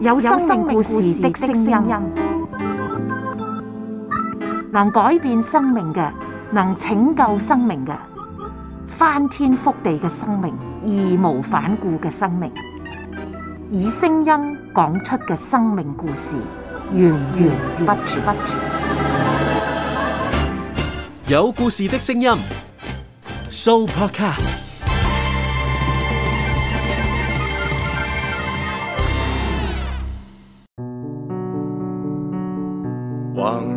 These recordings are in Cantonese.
有生命故事的聲音，能改變生命嘅，能拯救生命嘅，翻天覆地嘅生命，義無反顧嘅生命，以聲音講出嘅生命故事，源源不絕。有故事的聲音，Supercar。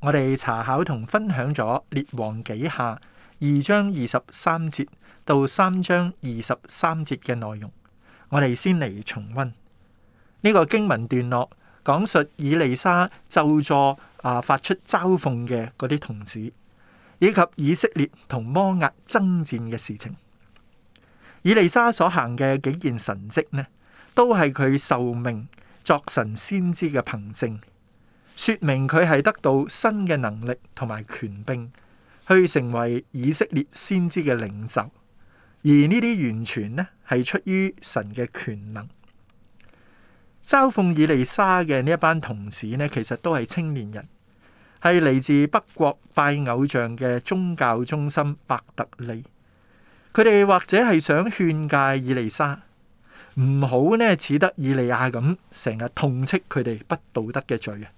我哋查考同分享咗列王紀下二章二十三節到三章二十三節嘅內容，我哋先嚟重溫呢、這個經文段落，講述以利沙就座啊發出嘲諷嘅嗰啲童子，以及以色列同摩押爭戰嘅事情。以利沙所行嘅幾件神蹟呢，都係佢受命作神先知嘅憑證。說明佢係得到新嘅能力同埋權柄，去成為以色列先知嘅領袖。而呢啲完全呢係出於神嘅權能。嘲諷以利沙嘅呢一班同事呢，其實都係青年人，係嚟自北國拜偶像嘅宗教中心伯特利。佢哋或者係想勸誡以利沙，唔好呢似得以利亞咁成日痛斥佢哋不道德嘅罪啊。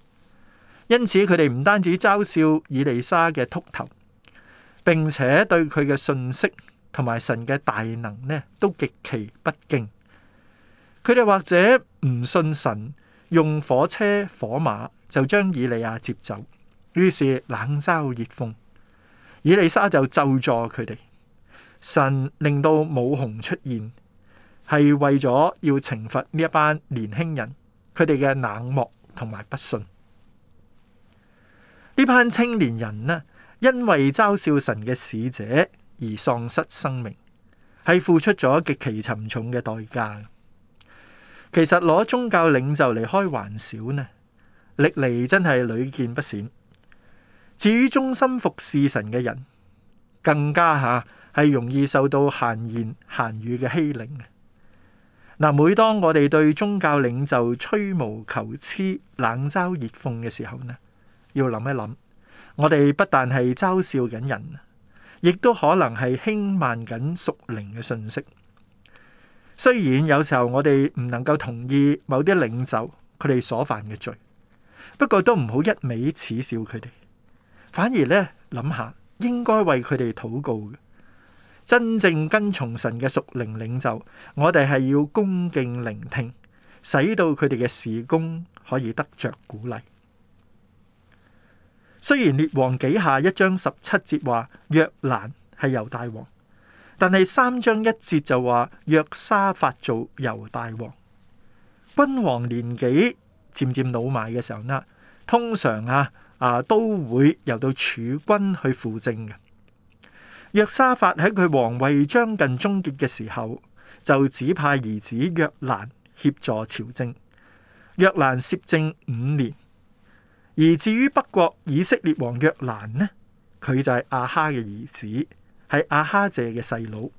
因此，佢哋唔單止嘲笑以利沙嘅禿頭，並且對佢嘅信息，同埋神嘅大能呢，都極其不敬。佢哋或者唔信神，用火車火馬就將以利亞接走。於是冷嘲熱諷，以利沙就咒詛佢哋。神令到母熊出現，係為咗要懲罰呢一班年輕人，佢哋嘅冷漠同埋不信。呢班青年人呢，因為嘲笑神嘅使者而喪失生命，係付出咗極其沉重嘅代價。其實攞宗教領袖嚟開玩笑呢，歷嚟真係屢見不鮮。至於忠心服侍神嘅人，更加吓係、啊、容易受到閒言閒語嘅欺凌。嗱，每當我哋對宗教領袖吹毛求疵、冷嘲熱諷嘅時候呢，要諗一諗，我哋不但係嘲笑緊人，亦都可能係輕慢緊屬靈嘅信息。雖然有時候我哋唔能夠同意某啲領袖佢哋所犯嘅罪，不過都唔好一味恥笑佢哋，反而呢諗下應該為佢哋禱告嘅。真正跟從神嘅屬靈領袖，我哋係要恭敬聆聽，使到佢哋嘅事工可以得着鼓勵。雖然列王紀下一章十七節話約蘭係猶大王，但係三章一節就話約沙法做猶大王。君王年紀漸漸老邁嘅時候呢，通常啊啊都會由到儲君去輔政嘅。約沙法喺佢皇位將近終結嘅時候，就指派兒子約蘭協助朝政。約蘭攝政五年。而至於北國以色列王約蘭呢，佢就係阿哈嘅兒子，係阿哈謝嘅細佬。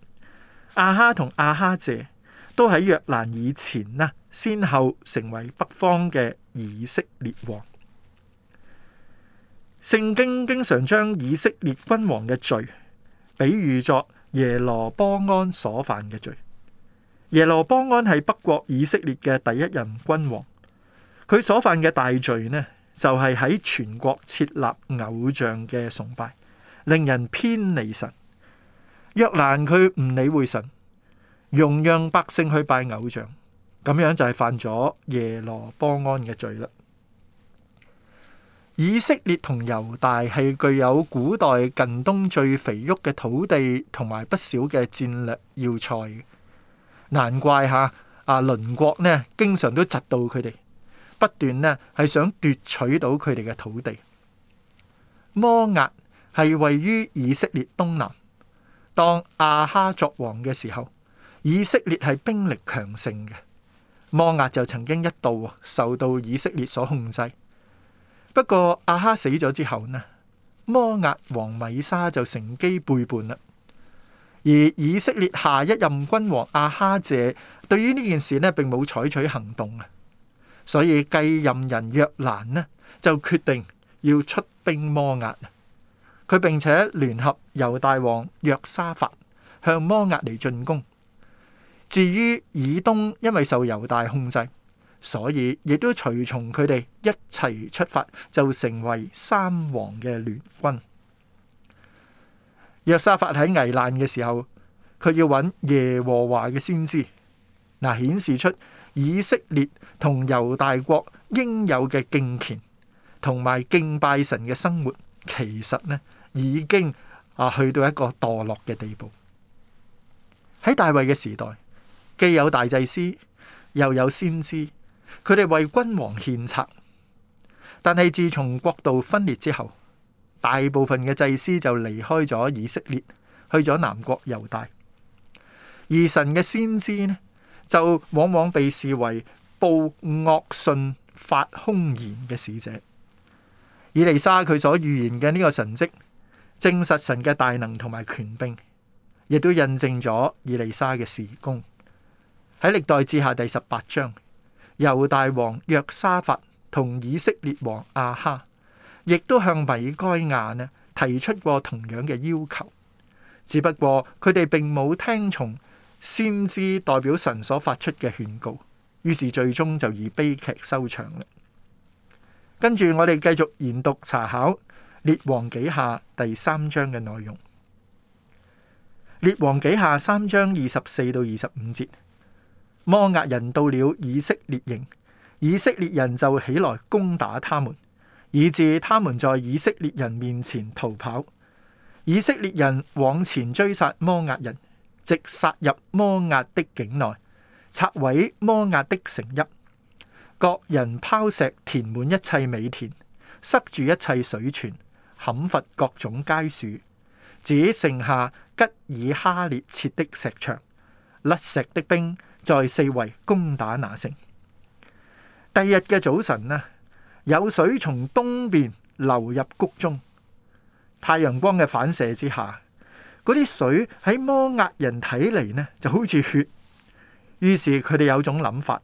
阿哈同阿哈謝都喺約蘭以前呢先後成為北方嘅以色列王。聖經經常將以色列君王嘅罪，比喻作耶羅波安所犯嘅罪。耶羅波安係北國以色列嘅第一任君王，佢所犯嘅大罪呢，就係喺全國設立偶像嘅崇拜，令人偏離神。若然佢唔理會神，容讓百姓去拜偶像，咁樣就係犯咗耶羅波安嘅罪啦。以色列同猶大係具有古代近東最肥沃嘅土地，同埋不少嘅戰略要塞。難怪吓啊鄰國呢，經常都窒到佢哋。不斷呢係想奪取到佢哋嘅土地。摩押係位於以色列東南。當亞哈作王嘅時候，以色列係兵力強盛嘅。摩押就曾經一度受到以色列所控制。不過亞哈死咗之後呢，摩押王米沙就乘機背叛啦。而以色列下一任君王亞哈謝對於呢件事呢並冇採取行動啊。所以繼任人約蘭呢，就決定要出兵摩押。佢並且聯合猶大王約沙法向摩押嚟進攻。至於以東，因為受猶大控制，所以亦都隨從佢哋一齊出發，就成為三王嘅聯軍。約沙法喺危難嘅時候，佢要揾耶和華嘅先知，嗱、呃、顯示出。以色列同猶大國應有嘅敬虔，同埋敬拜神嘅生活，其實呢已經啊去到一個墮落嘅地步。喺大衛嘅時代，既有大祭司，又有先知，佢哋為君王獻策。但係自從國度分裂之後，大部分嘅祭司就離開咗以色列，去咗南國猶大。而神嘅先知呢？就往往被視為報惡信、發凶言嘅使者。以利沙佢所預言嘅呢個神迹，證實神嘅大能同埋權柄，亦都印證咗以利沙嘅事工。喺歷代志下第十八章，猶大王約沙法同以色列王亞哈，亦都向米該亞呢提出過同樣嘅要求，只不過佢哋並冇聽從。先知代表神所發出嘅勸告，於是最終就以悲劇收場啦。跟住我哋繼續研讀查考《列王紀下》第三章嘅內容，《列王紀下》三章二十四到二十五節：摩押人到了以色列營，以色列人就起來攻打他們，以致他們在以色列人面前逃跑。以色列人往前追殺摩押人。直殺入摩押的境內，拆毀摩押的城邑，各人拋石填滿一切美田，塞住一切水泉，砍伐各種佳樹，只剩下吉爾哈列設的石牆、甩石的兵，在四圍攻打那城。第二日嘅早晨啊，有水從東邊流入谷中，太陽光嘅反射之下。嗰啲水喺摩押人睇嚟呢，就好似血。於是佢哋有種諗法，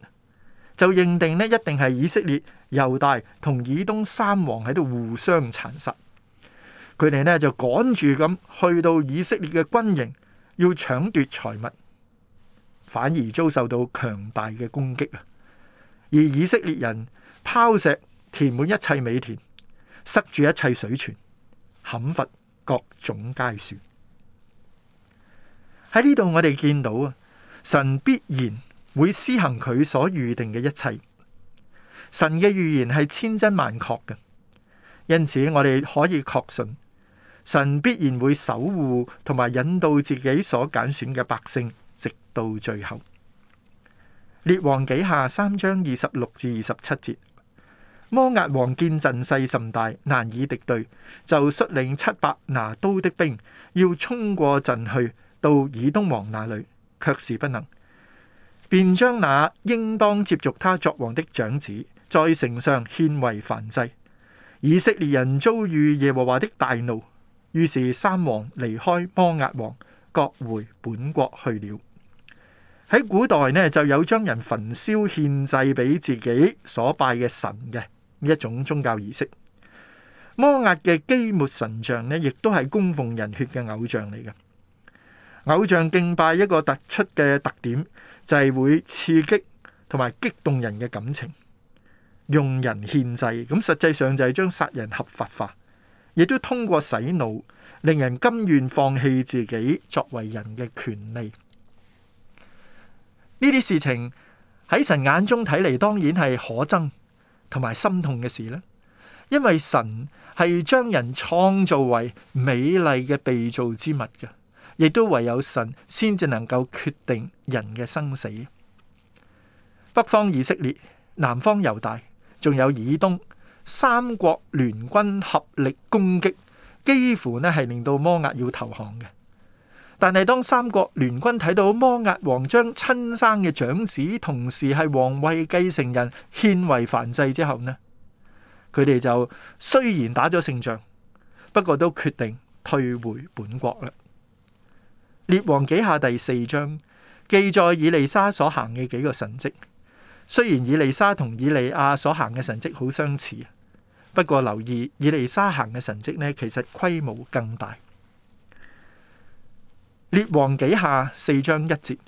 就認定呢一定係以色列、猶大同以東三王喺度互相殘殺，佢哋呢就趕住咁去到以色列嘅軍營要搶奪財物，反而遭受到強大嘅攻擊，啊！而以色列人拋石填滿一切美田，塞住一切水泉，砍伐各種佳樹。喺呢度我哋見到啊，神必然會施行佢所預定嘅一切。神嘅預言係千真萬確嘅，因此我哋可以確信，神必然會守護同埋引導自己所揀選嘅百姓，直到最後。列王紀下三章二十六至二十七節，摩押王見陣勢甚大，難以敵對，就率領七百拿刀的兵要衝過陣去。到以東王那裏，卻是不能，便將那應當接續他作王的長子，在城上獻為燔祭。以色列人遭遇耶和華的大怒，於是三王離開摩押王，各回本國去了。喺古代呢，就有將人焚燒獻祭俾自己所拜嘅神嘅一種宗教儀式。摩押嘅基末神像呢，亦都係供奉人血嘅偶像嚟嘅。偶像敬拜一個突出嘅特點就係會刺激同埋激動人嘅感情，用人獻祭，咁實際上就係將殺人合法化，亦都通過洗腦，令人甘願放棄自己作為人嘅權利。呢啲事情喺神眼中睇嚟，當然係可憎同埋心痛嘅事咧，因為神係將人創造為美麗嘅被造之物嘅。亦都唯有神先至能夠決定人嘅生死。北方以色列、南方猶大，仲有以東，三國聯軍合力攻擊，幾乎呢係令到摩押要投降嘅。但係當三國聯軍睇到摩押王將親生嘅長子，同時係王位繼承人，獻為燔祭之後呢，佢哋就雖然打咗勝仗，不過都決定退回本國啦。列王紀下第四章記載以利沙所行嘅幾個神蹟，雖然以利沙同以利亞所行嘅神蹟好相似，不過留意以利沙行嘅神蹟呢，其實規模更大。列王紀下四章一節，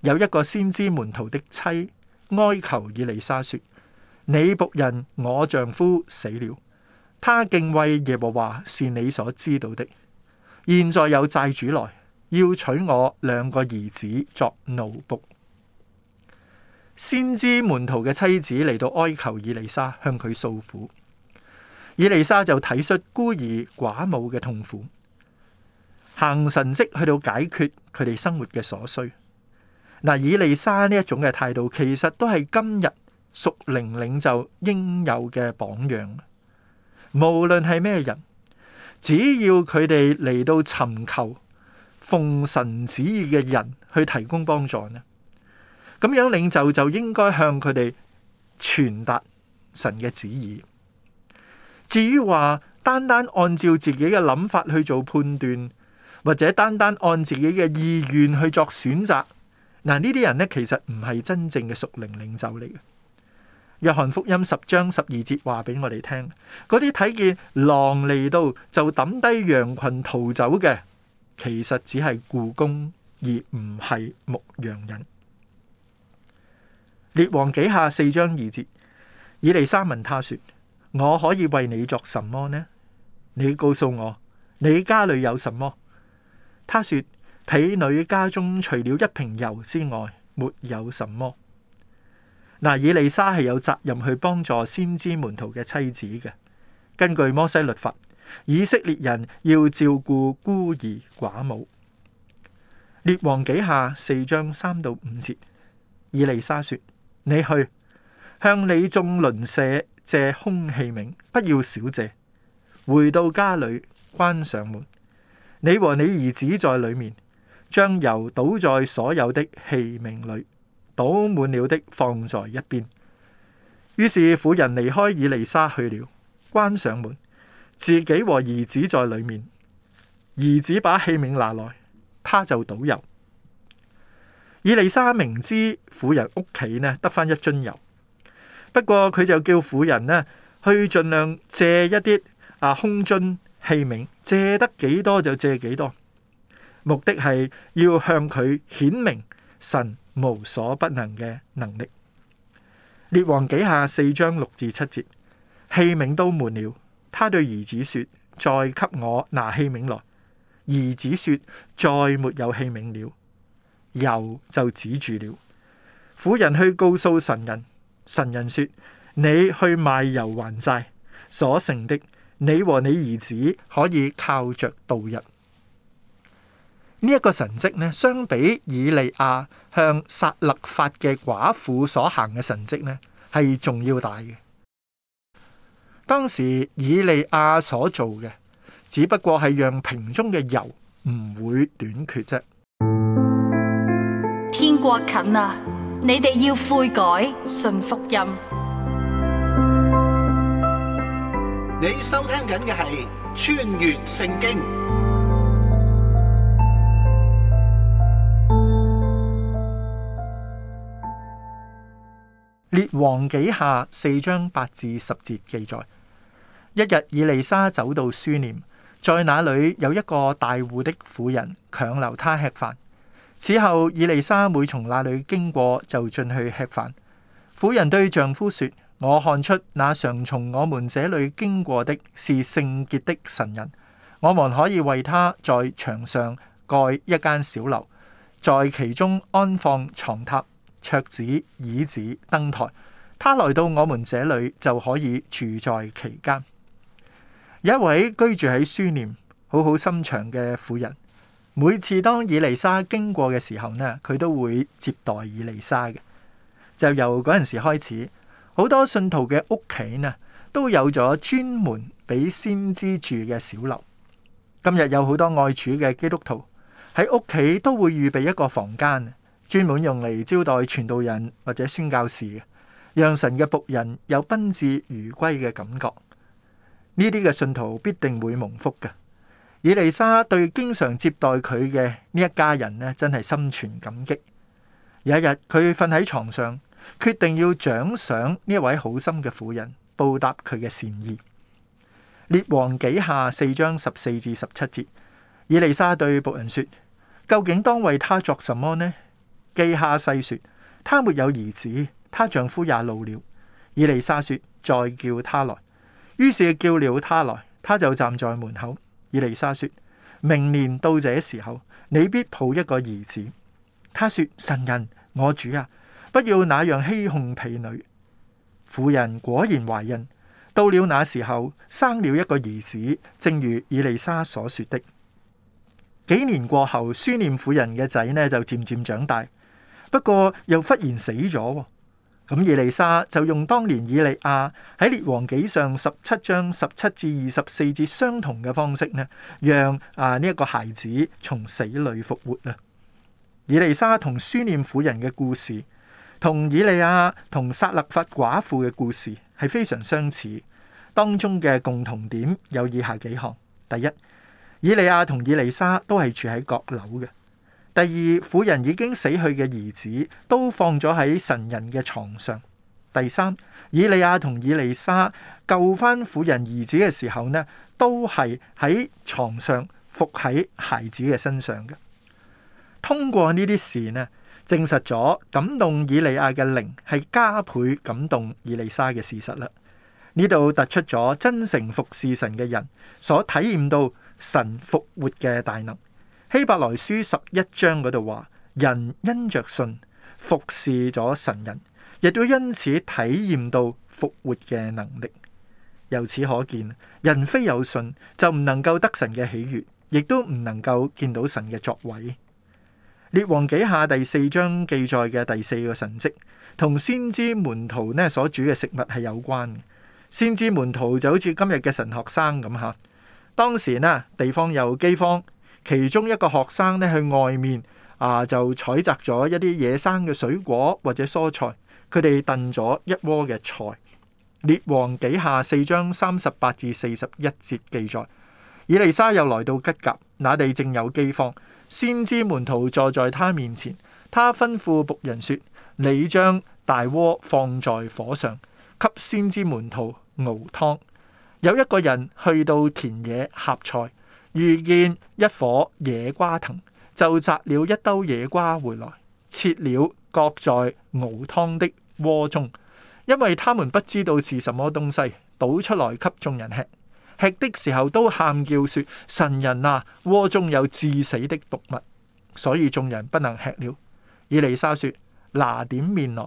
有一個先知門徒的妻哀求以利沙說：你僕人我丈夫死了，他敬畏耶和華，是你所知道的。現在有債主來。要娶我兩個兒子作奴僕。先知門徒嘅妻子嚟到哀求以利沙，向佢訴苦。以利沙就體恤孤兒寡母嘅痛苦，行神蹟去到解決佢哋生活嘅所需。嗱，以利沙呢一種嘅態度，其實都係今日屬靈領袖應有嘅榜樣。無論係咩人，只要佢哋嚟到尋求。奉神旨意嘅人去提供幫助呢？咁樣領袖就應該向佢哋傳達神嘅旨意。至於話單單按照自己嘅諗法去做判斷，或者單單按自己嘅意願去作選擇，嗱，呢啲人呢，其實唔係真正嘅屬靈領袖嚟嘅。約翰福音十章十二節話俾我哋聽，嗰啲睇見狼嚟到就抌低羊群逃走嘅，其實只係雇工，而唔係牧羊人。列王紀下四章二節，以利沙問他，說：我可以為你做什麼呢？你告訴我，你家裏有什麼？他說：婢女家中除了一瓶油之外，沒有什麼。嗱，以利沙係有責任去幫助先知門徒嘅妻子嘅。根據摩西律法。以色列人要照顧孤兒寡母。列王紀下四章三到五節，以利沙說：你去向你眾鄰舍借空器皿，不要少借。回到家裏，關上門，你和你兒子在裏面，將油倒在所有的器皿裏，倒滿了的放在一邊。於是婦人離開以利沙去了，關上門。自己和兒子在裏面，兒子把器皿拿來，他就倒油。以利沙明知婦人屋企呢得返一樽油，不過佢就叫婦人呢去盡量借一啲啊空樽器皿，借得幾多就借幾多，目的係要向佢顯明神無所不能嘅能力。列王紀下四章六至七節，器皿都滿了。他對兒子說：再給我拿器皿來。兒子說：再沒有器皿了。油就止住了。婦人去告訴神人，神人說：你去賣油還債，所剩的，你和你兒子可以靠着度日。呢、這、一個神蹟呢，相比以利亞向撒勒法嘅寡婦所行嘅神蹟呢，係仲要大嘅。當時以利亞所做嘅，只不過係讓瓶中嘅油唔會短缺啫。天國近啦，你哋要悔改，信福音。你收聽緊嘅係《穿越聖經》，列王紀下四章八至十節記載。一日，以利沙走到書念，在那裏有一個大戶的婦人強留她吃飯。此後，以利沙每從那裏經過，就進去吃飯。婦人對丈夫說：我看出那常從我們這裏經過的是聖潔的神人，我們可以為他在牆上蓋一間小樓，在其中安放床榻、桌子、椅子、燈台。他來到我們這裏就可以住在其間。一位居住喺書念好好心腸嘅婦人，每次當以利沙經過嘅時候呢，佢都會接待以利沙嘅。就由嗰陣時開始，好多信徒嘅屋企呢都有咗專門俾先知住嘅小樓。今日有好多愛主嘅基督徒喺屋企都會預備一個房間，專門用嚟招待傳道人或者宣教士嘅，讓神嘅僕人有賓至如歸嘅感覺。呢啲嘅信徒必定會蒙福嘅。以利沙對經常接待佢嘅呢一家人呢，真係心存感激。有一日，佢瞓喺床上，決定要獎賞呢位好心嘅婦人，報答佢嘅善意。列王記下四章十四至十七節，以利沙對僕人說：究竟當為他作什麼呢？基哈西說，他沒有兒子，他丈夫也老了。以利沙說：再叫他來。於是叫了他來，他就站在門口。以利沙說：明年到這時候，你必抱一個兒子。他說：神人，我主啊，不要那樣欺哄婢女。婦人果然懷孕，到了那時候，生了一個兒子，正如以利沙所說的。幾年過後，書念婦人嘅仔呢就漸漸長大，不過又忽然死咗。咁以利沙就用當年以利亞喺列王紀上十七章十七至二十四節相同嘅方式呢，讓啊呢一、這個孩子從死裏復活啊。以利沙同書念婦人嘅故事，同以利亞同撒勒法寡婦嘅故事係非常相似，當中嘅共同點有以下幾項：第一，以利亞同以利沙都係住喺閣樓嘅。第二，婦人已經死去嘅兒子都放咗喺神人嘅床上。第三，以利亞同以利沙救翻婦人兒子嘅時候呢，都係喺床上伏喺孩子嘅身上嘅。通過呢啲事呢，證實咗感動以利亞嘅靈係加倍感動以利沙嘅事實啦。呢度突出咗真誠服侍神嘅人所體驗到神復活嘅大能。希伯來書十一章嗰度話，人因着信服侍咗神人，亦都因此體驗到復活嘅能力。由此可見，人非有信就唔能夠得神嘅喜悦，亦都唔能夠見到神嘅作為。列王紀下第四章記載嘅第四個神蹟，同先知門徒呢所煮嘅食物係有關嘅。先知門徒就好似今日嘅神學生咁吓。當時呢地方有饑荒。其中一個學生呢，去外面啊，就採集咗一啲野生嘅水果或者蔬菜，佢哋燉咗一鍋嘅菜。列王紀下四章三十八至四十一節記載：以利沙又來到吉甲，那地正有饑荒，先知門徒坐在他面前，他吩咐僕人說：你將大鍋放在火上，給先知門徒熬湯。有一個人去到田野掐菜。遇見一棵野瓜藤，就摘了一兜野瓜回來，切了擱在熬湯的鍋中，因為他們不知道是什麼東西，倒出來給眾人吃。吃的時候都喊叫說：神人啊，鍋中有致死的毒物，所以眾人不能吃了。以利沙說：拿點麵來，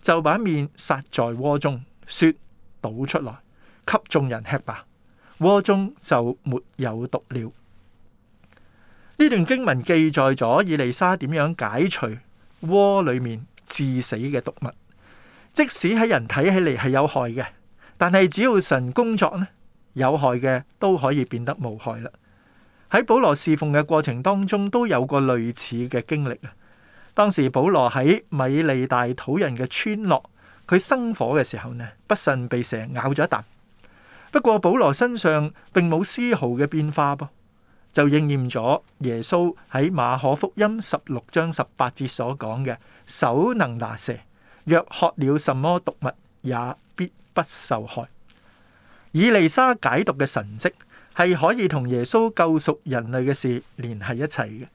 就把麵撒在鍋中，說：倒出來給眾人吃吧。鍋中就沒有毒了。呢段經文記載咗以利沙點樣解除鍋裏面致死嘅毒物，即使喺人睇起嚟係有害嘅，但係只要神工作呢，有害嘅都可以變得無害啦。喺保羅侍奉嘅過程當中都有個類似嘅經歷啊。當時保羅喺米利大土人嘅村落，佢生火嘅時候呢，不慎被蛇咬咗一啖。不過保羅身上並冇絲毫嘅變化，噃，就應驗咗耶穌喺馬可福音十六章十八節所講嘅手能拿蛇，若喝了什麼毒物，也必不受害。以利沙解毒嘅神蹟係可以同耶穌救贖人類嘅事聯繫一齊嘅。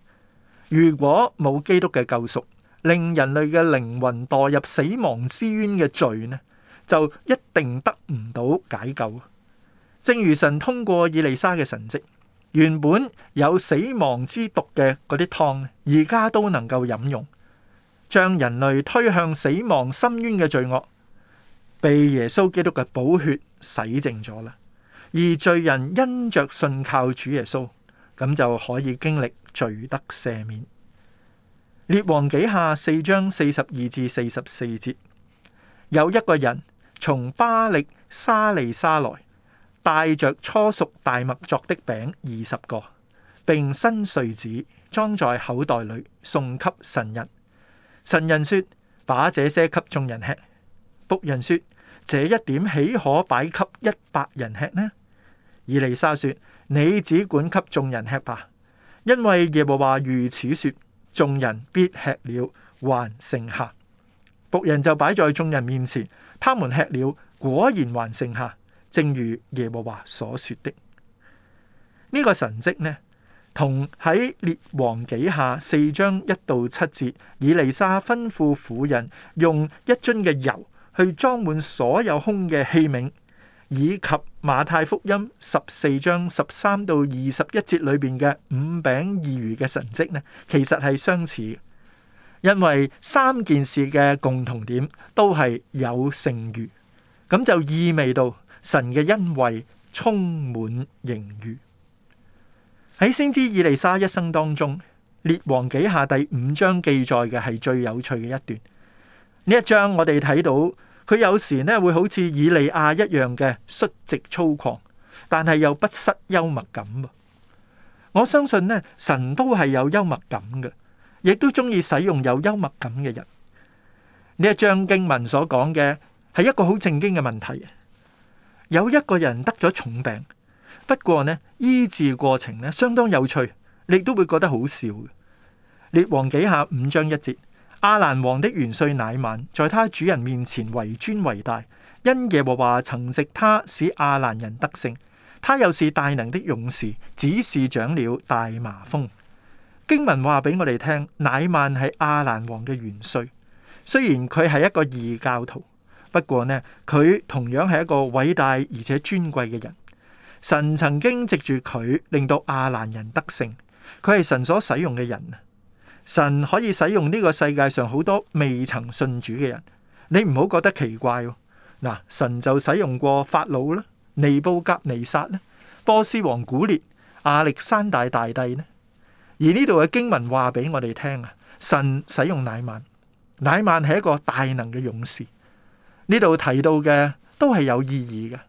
如果冇基督嘅救贖，令人類嘅靈魂墮入死亡之淵嘅罪呢，就一定得唔到解救。正如神通過以利沙嘅神蹟，原本有死亡之毒嘅嗰啲湯，而家都能夠飲用，將人類推向死亡深淵嘅罪惡，被耶穌基督嘅寶血洗淨咗啦。而罪人因着信靠主耶穌，咁就可以經歷罪得赦免。列王紀下四章四十二至四十四節，有一個人從巴力沙利沙來。帶着初熟大麥作的餅二十個，並新穗子裝在口袋裏，送給神人。神人說：把這些給眾人吃。僕人說：這一點豈可擺給一百人吃呢？以利沙說：你只管給眾人吃吧，因為耶和華如此說：眾人必吃了，還剩下。僕人就擺在眾人面前，他們吃了，果然還剩下。正如耶和華所說的，呢、這個神蹟呢，同喺列王紀下四章一到七節，以利沙吩咐婦人用一樽嘅油去裝滿所有空嘅器皿，以及馬太福音十四章十三到二十一節裏邊嘅五餅二魚嘅神蹟呢，其實係相似，因為三件事嘅共同點都係有剩餘，咁就意味到。神嘅恩惠充滿盈餘。喺先知以利沙一生當中，列王紀下第五章記載嘅係最有趣嘅一段。呢一章我哋睇到佢有時呢，會好似以利亞一樣嘅率直粗獷，但係又不失幽默感。我相信呢，神都係有幽默感嘅，亦都中意使用有幽默感嘅人。呢一章經文所講嘅係一個好正經嘅問題。有一個人得咗重病，不過呢，醫治過程呢，相當有趣，你都會覺得好笑嘅。列王紀下五章一節，亞蘭王的元帥乃曼在他主人面前為尊為大，因耶和華曾藉他使亞蘭人得勝，他又是大能的勇士，只是長了大麻風。經文話俾我哋聽，乃曼係亞蘭王嘅元帥，雖然佢係一個異教徒。不過呢，佢同樣係一個偉大而且尊貴嘅人。神曾經藉住佢令到亞蘭人得勝，佢係神所使用嘅人。神可以使用呢個世界上好多未曾信主嘅人，你唔好覺得奇怪哦。嗱，神就使用過法老啦、尼布甲尼撒啦、波斯王古列、亞歷山大大帝呢。而呢度嘅經文話俾我哋聽啊，神使用乃曼，乃曼係一個大能嘅勇士。呢度提到嘅都係有意義嘅，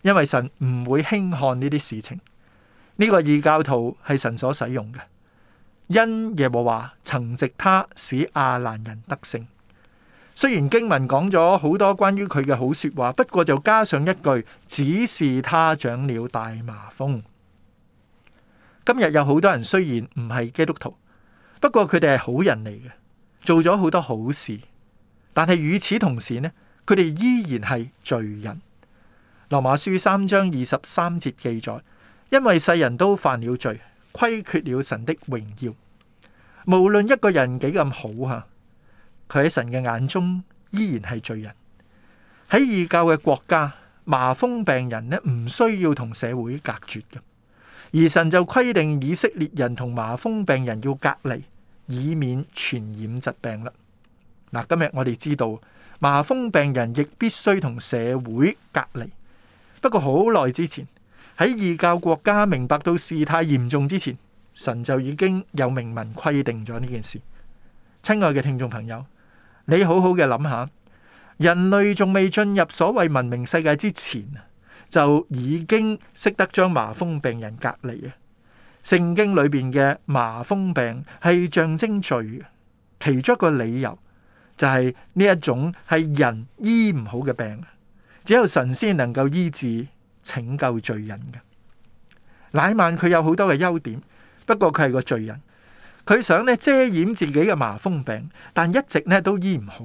因為神唔會輕看呢啲事情。呢、呢個異教徒係神所使用嘅，因耶和華曾藉他使亞蘭人得勝。雖然經文講咗好多關於佢嘅好說話，不過就加上一句，只是他長了大麻風。今日有好多人雖然唔係基督徒，不過佢哋係好人嚟嘅，做咗好多好事，但係與此同時呢？佢哋依然係罪人。羅馬書三章二十三節記載，因為世人都犯了罪，虧缺了神的榮耀。無論一個人幾咁好吓，佢喺神嘅眼中依然係罪人。喺異教嘅國家，麻風病人咧唔需要同社會隔絕嘅，而神就規定以色列人同麻風病人要隔離，以免傳染疾病啦。嗱，今日我哋知道。麻風病人亦必須同社會隔離。不過好耐之前，喺異教國家明白到事態嚴重之前，神就已經有明文規定咗呢件事。親愛嘅聽眾朋友，你好好嘅諗下，人類仲未進入所謂文明世界之前，就已經識得將麻風病人隔離嘅。聖經裏邊嘅麻風病係象徵罪，其中一個理由。就係呢一種係人醫唔好嘅病，只有神先能夠醫治拯救罪人嘅。乃曼佢有好多嘅優點，不過佢係個罪人，佢想咧遮掩自己嘅麻風病，但一直咧都醫唔好。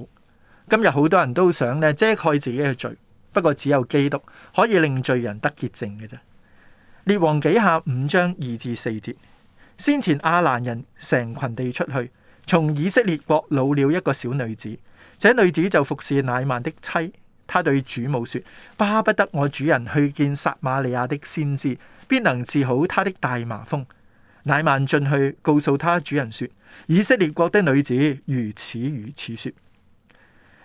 今日好多人都想咧遮蓋自己嘅罪，不過只有基督可以令罪人得潔淨嘅啫。列王紀下五章二至四節，先前亞蘭人成群地出去。從以色列國擄了一個小女子，這女子就服侍乃曼的妻。她對主母說：巴不得我主人去見撒瑪利亞的先知，必能治好她的大麻風。乃曼進去，告訴她主人說：以色列國的女子如此如此說。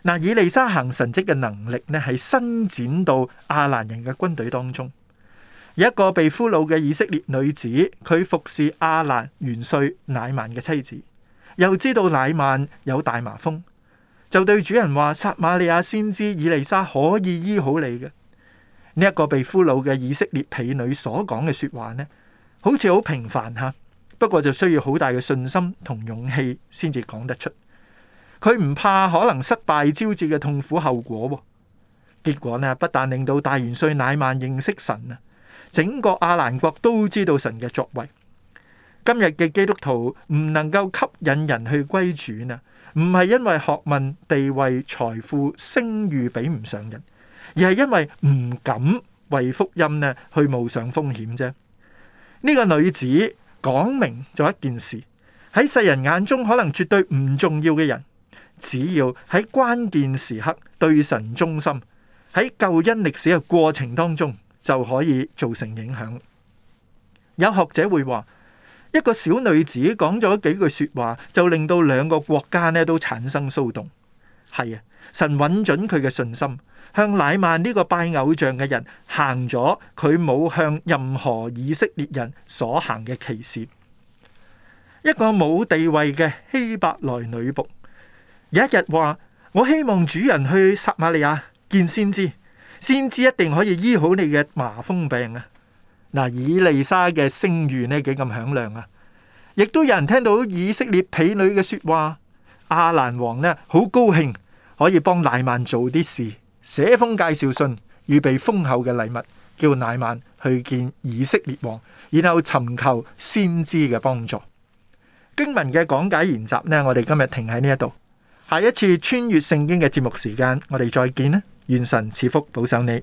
嗱，以利沙行神蹟嘅能力咧，係伸展到亞蘭人嘅軍隊當中。一個被俘虜嘅以色列女子，佢服侍亞蘭元帥乃曼嘅妻子。又知道乃曼有大麻風，就對主人話：撒瑪利亞先知以利沙可以醫好你嘅。呢一個被俘虜嘅以色列婢女所講嘅說話呢，好似好平凡吓，不過就需要好大嘅信心同勇氣先至講得出。佢唔怕可能失敗招致嘅痛苦後果。結果呢，不但令到大元帥乃曼認識神啊，整個亞蘭國都知道神嘅作為。今日嘅基督徒唔能夠吸引人去歸主啊！唔係因為學問、地位、財富、聲譽比唔上人，而係因為唔敢為福音呢去冒上風險啫。呢個女子講明咗一件事：喺世人眼中可能絕對唔重要嘅人，只要喺關鍵時刻對神忠心，喺救恩歷史嘅過程當中就可以造成影響。有學者會話。一個小女子講咗幾句說話，就令到兩個國家呢都產生騷動。係啊，神揾準佢嘅信心，向乃曼呢個拜偶像嘅人行咗，佢冇向任何以色列人所行嘅歧視。一個冇地位嘅希伯來女僕，有一日話：我希望主人去撒馬利亞見先知，先知一定可以醫好你嘅麻風病啊！嗱，以利沙嘅聲譽呢幾咁響亮啊！亦都有人聽到以色列婢女嘅說話。亞蘭王呢，好高興可以幫乃曼做啲事，寫封介紹信，預備豐厚嘅禮物，叫乃曼去見以色列王，然後尋求先知嘅幫助。經文嘅講解研習呢，我哋今日停喺呢一度。下一次穿越聖經嘅節目時間，我哋再見啦！願神賜福保守你。